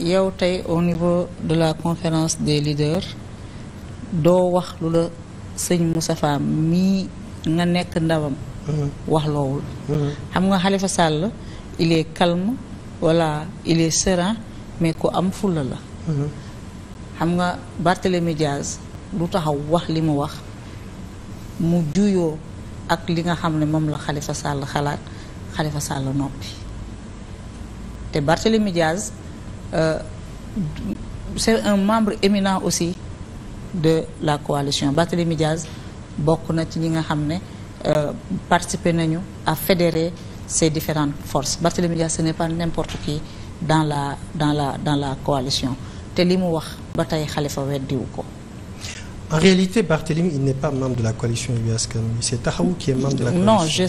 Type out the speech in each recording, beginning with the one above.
yow tey au niveau de la conférence des leaders doo wax lu la sëñ Moustapha mii nga nekk ndawam. Mm-hmm. wax loowul. Mm-hmm. xam nga Khalifa Sall il est walla voilà il est mais ku am fulla la. Mm-hmm. xam nga Barthélémy Diaz lu taxaw wax li mu wax mu juyoo ak li nga xam ne moom la Khalifa Sall xalaat Khalifa Sall noppi te Barthélémy Diaz. Euh, c'est un membre éminent aussi de la coalition Barthélémy Diaz bokk na ci ñi nga xam ne euh, participer nañu à fédérer ces différentes forces Barthélémy Diaz ce n'est pas n'importe qui dans la dans la dans la coalition te li mu wax ba tey Khalifa weddiwu ko en réalité Barthélémy il n'est pas membre de la coalition Yewwi Askan Wi c'est Taxawu qui est membre de la coalition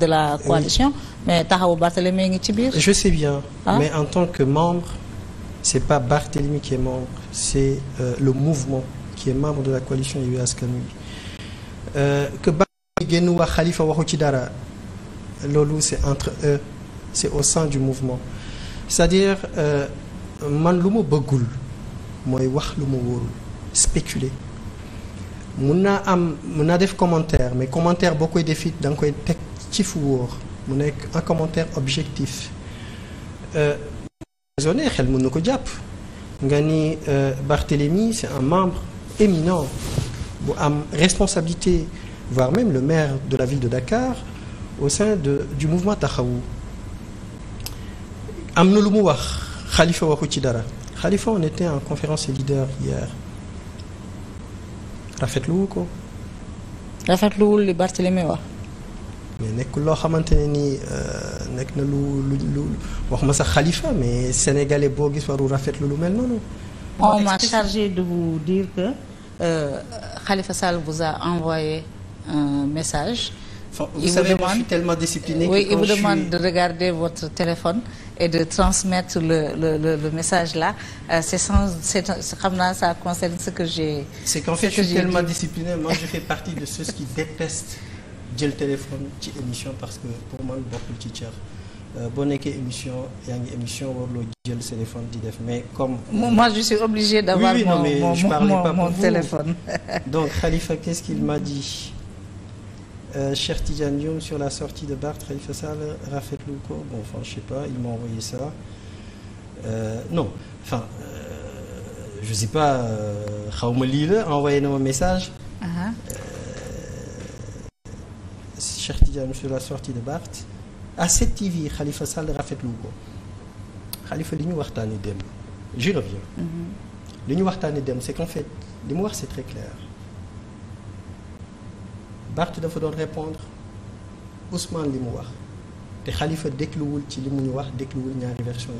de la coalition mais taxawu Barthélemy ngi ci biir. je sais ah. mais en tant que membre c'est pas Barthélemy qui est membre c'est euh, le mouvement qui est membre de la coalition Yewwi Askan Wi. Euh, que Barthélemy génn wax xalifa waxu ci dara loolu c'est entre eux c'est au sein du mouvement c'est-à-dire euh, man lu ma bëggul mooy wax lu ma wóorul spéculer. mun naa am mun naa def commentaire mais commentaire boo koy def it da nga koy teg ci fu wóor. mu nekk un commentaire objectif euh, raisonné xel mën na ko jàpp nga ni euh, Barthélemy c'est un membre éminent bu am responsabilité voire même le maire de la ville de Dakar au sein de du mouvement Taxawu am na lu mu wax Khalifa waxu ci dara Khalifa on était en conférence leader hier rafetluwu ko rafetluwul li Barthélemy wax mais nekk loo xamante ne nii euh, nekk na lu lu lu wax ma sax xalifa mais sénégalais boo gis waru rafetlu lu mel noonu. m'a chargé de vous dire que euh, Khalifa Sall vous a envoyé un message. Enfin, vous il vous demande, de regarder votre téléphone et de transmettre le, le, le, le message là. Euh, c'est sans, c'est, comme là, ça concerne ce que j'ai. C'est qu'en dit. discipliné. je fais partie de ceux qui détestent jël téléphone ci émission parce que pour man bokkul ci cër euh, boo nekkee émission yaa ngi émission warloo jël téléphone di def mais comme. moi je suis obligé d'avoir oui, oui, non, mais je parlais pas mon donc Khalifa qu'est-ce qu'il m'a dit euh, Cheikh Tidiane sur la sortie de Barth Khalifa Sall rafetlu ko bon enfin pas il m'a envoyé ça euh, non euh, je sais pas euh, xaw ma lii la message. Tidiane sur la sortie de Barth à 7TV Khalifa Sall rafetlu ko xalifa li ñu waxtaanee dem j'y reviens. Mm-hmm. li ñu waxtaanee dem c'est qu'en fait li mu wax c'est très clair Barth dafa doon répondre Ousmane li mu wax te xalifa dégluwul ci li mu ñu wax dégluwul ñaari version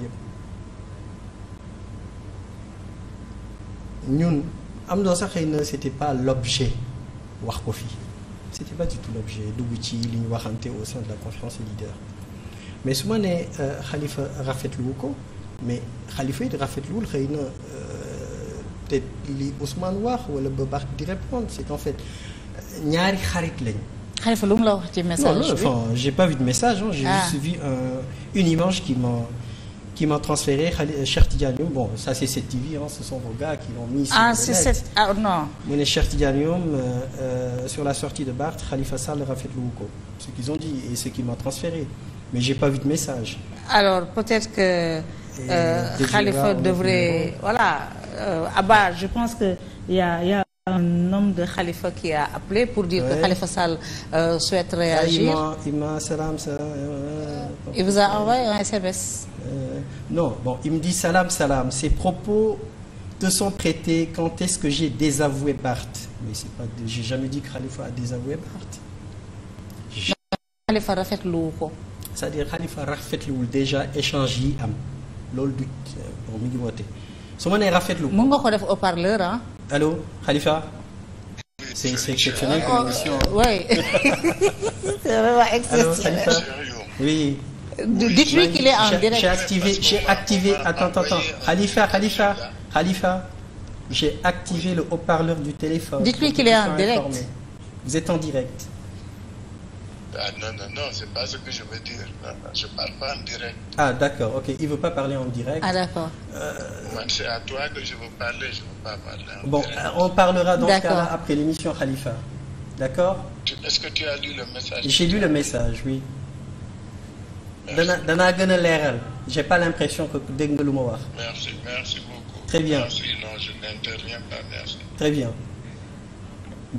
yëpp ñun am doo sax xëy na c'était pas l'objet wax ko fii. c'était pas du tout l'objet dugg ci li ñu waxante au sein de la conférence des leaders mais su ma nee xalifa euh, rafetluwu ko mais xalifa it rafetluwul xëy na euh, peut-être li Ousmane wax wala Babacar di répondre c'est en fait ñaari xarit lañ. xalifa lu mu la wax ci message. non non enfin j'ai pas vu de message. j'ai ah. vu une image qui m'a qui m'a transféré euh, Cheikh Tidiane Youm bon ça c'est 7TV hein ce sont vos gars qui l'ont mis sur ah, ah non euh, euh, la sortie de Barth Khalifa Sall rafetlu wu ko ce qu'ils ont dit et ce qu'il m'a transféré mais j'ai pas vu de message peut-être que euh, Khalifa devrait a euh, Abba je pense que y a, y a un homme de qui a appelé pour dire ouais. que Khalifa Sall euh, souhaite réagir. Ah, il m'a, il m'a, salam, salam, euh, il vous a envoyé SMS. Non, bon, il me dit salam, salam. Ses propos te sont traités quand est-ce que j'ai désavoué Barthes Mais c'est pas, j'ai jamais dit que Khalifa a désavoué Barthes. c'est-à-dire Khalifa rafetluwul déjà échange yi am loolu du bon mi ngi woote rafetlu. mën nga ko def au parleur ah? Khalifa. c'est c'est exceptionnel oh, oui c'est vraiment exceptionnel. allo Khalifa oui. Dites-lui qu'il est en direct. J'ai activé, j'ai activé, attends, attends, Khalifa, Khalifa, j'ai activé le haut-parleur du téléphone. Vous êtes en direct. Ah, non, non, c'est pas ce que je veux dire. je parle pas en direct. Ah d'accord, ok, il veut pas ah, d'accord. Euh, on parlera dans après l'émission Khalifa. D'accord J'ai lu le message, dana danaa gën a leeral j'ai pas l'impression que dégg nga lu ma wax. merci merci beaucoup. très bien merci non je n'interviens pas merci. très bien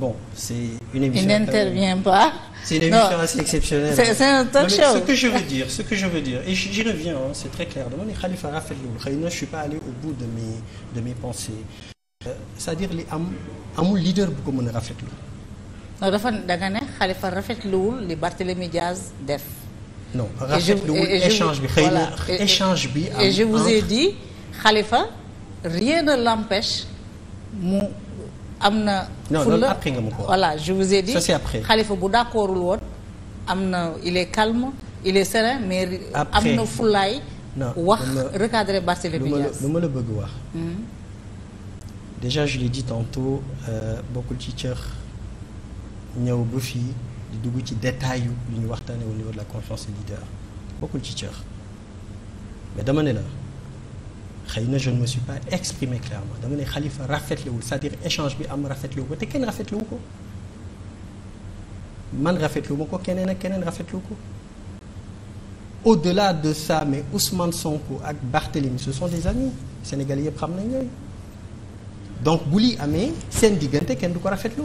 bon c'est une émission. il n'intervient pas. c'est une émission assez exceptionnelle. c'est c'est un talk show. ce que je veux dire ce que je veux dire et j'y reviens c'est très clair dama ne Khalifa rafetluwul xëy na je suis pas allé au bout de mes pensées. Euh, c'est-à-dire li am amul leader bu ko mën a rafetlu. non dafa da nga ne Khalifa rafetluwul def. non rafetluwul échange bi xëy na échange bi. am et je vous ai dit Khalifa rien ne l'empêche mu am na. non loolu après nga mu ko voilà je vous ai dit. ça c'est après Khalifa bu d'accordul woon am na il est calme il est serein mais. am na fulaay. wax recadrer Barthélémy lu ma la bëgg wax. Hmm? déjà je l'ai dit tantôt bokkul ci cër ñëw ba di dugg ci détail yu yu ñu waxtaane au niveau de la conférence leader bokkul ci cër mais dama ne la xëy na je ne me suis pas exprimé clairement dama ne xalifa rafetlewul c'est-à-dire échange bi am rafetlewu ko te kenn rafetlewu ko man rafetlewu ma ko keneen ak keneen rafetlewu ko au-delà de sa mais Ousmane Sonko ak Barthélémy su sont des amis sénégal yëpp xam nañ yooyu donc bu lii amee seen diggante kenn du ko rafetlu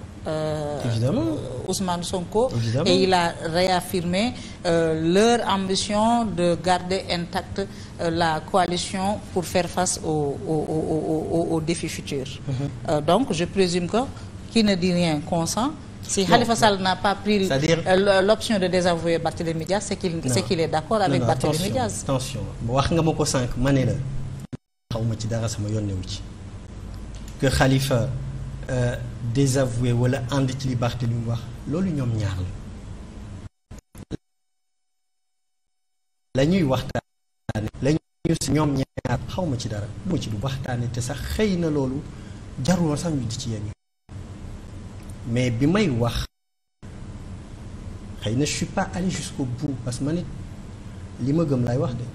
Euh, évidemment euh, Ousmane Sonko. évidemment et il a réaffirmé euh, leur ambition de garder intacte la coalition pour faire face aux aux aux donc je présume que qui ne dit rien consent. Si Khalifa Sall n'a pas pris l'option de désavouer Barthélémy Diaz, c'est qu'il c'est qu'il est d'accord avec Barthélémy Diaz. Attention wax nga ma ko sànq ma ne la xaw ci dara sama yoon newu ci que Khalifa Euh, désavoué wala ànd ci li Barthélémy wax loolu ñoom ñaar la. la ñuy waxtaane la si ñoom ñaar xaw ma ci dara bu ma ci du waxtaane te sax xëy na loolu jarul sax ñu ci yéen mais bi may wax xëy na je suis pas allé jusqu'au bout parce que man it li ma gëm laay wax de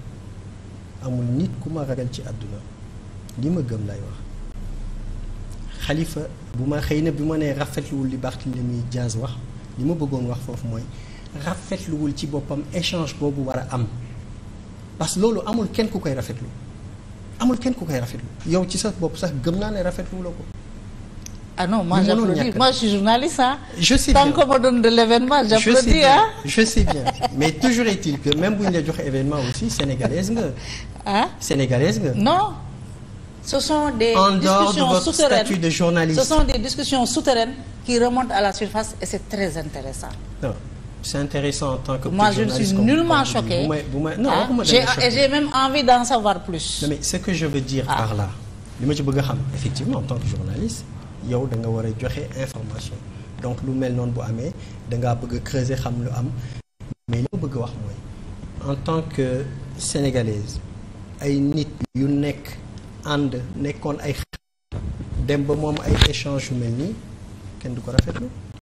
amul nit ku ma ragal ci àdduna li ma gëm laay wax. xalifa bu ma xëy na bi ma nee rafetluwul li Barthélémy Dias wax li ma bëggoon wax foofu mooy rafetluwul ci boppam échange boobu war a am parce que loolu amul kenn ku koy rafetlu amul kenn ku koy rafetlu yow ci sa bopp sax gëm naa ne rafetlu la ko. ah non moi j'applaudis moi je suis journaliste ah. je sais bien tant qu'on me donne de l'événement j'applaudis ah. je sais bien mais toujours est-il que même bu ñu la jox événement aussi sénégalaise nga. ah sénégalaise nga. non. ce sont des discussions de souterraines de journaliste. ce sont des discussions souterraines qui remontent à la surface et c'est très intéressant. Non. C'est intéressant en tant que Moi, je ne suis nullement choqué. J'ai même envie d'en savoir plus. ce que je veux dire ah. par là, li ma ci bëgg a xam effectivement en tant que journaliste yow da nga war a joxe information donc lu mel noonu bu amee da bëgg a xam lu am mais li ma bëgg a wax mooy en tant que sénégalaise ay nit yu nekk. ànd nekkoon ay dem ba moom ay échange yu mel nii kenn du ko rafetlu